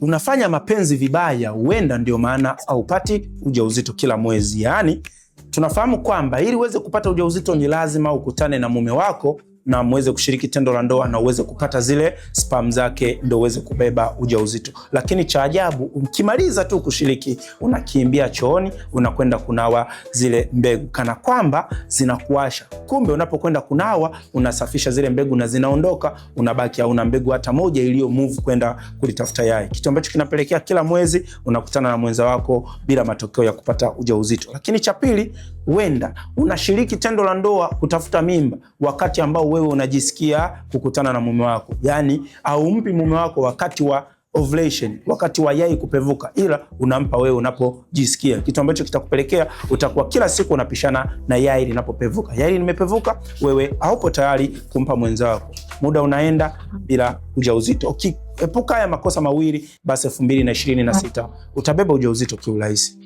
unafanya mapenzi vibaya, huenda ndio maana haupati ujauzito kila mwezi. Yaani tunafahamu kwamba ili uweze kupata ujauzito ni lazima ukutane na mume wako na muweze kushiriki tendo la ndoa na uweze kupata zile spam zake ndio uweze kubeba ujauzito. Lakini cha ajabu, ukimaliza tu kushiriki, unakimbia chooni, unakwenda kunawa zile mbegu kana kwamba zinakuasha. Kumbe unapokwenda kunawa, unasafisha zile mbegu na zinaondoka, unabaki hauna mbegu hata moja iliyo move kwenda kulitafuta yai, kitu ambacho kinapelekea kila mwezi unakutana na mwenza wako bila matokeo ya kupata ujauzito. Lakini cha pili Wenda unashiriki tendo la ndoa kutafuta mimba wakati ambao wewe unajisikia kukutana na mume wako, yaani haumpi mume wako wakati wa ovulation, wakati wa yai kupevuka, ila unampa wewe unapojisikia, kitu ambacho kitakupelekea utakuwa kila siku unapishana na yai linapopevuka. Yai limepevuka, wewe haupo tayari kumpa mwenzako, muda unaenda bila ujauzito. Ukiepuka haya makosa mawili, basi 2026 utabeba ujauzito kiurahisi.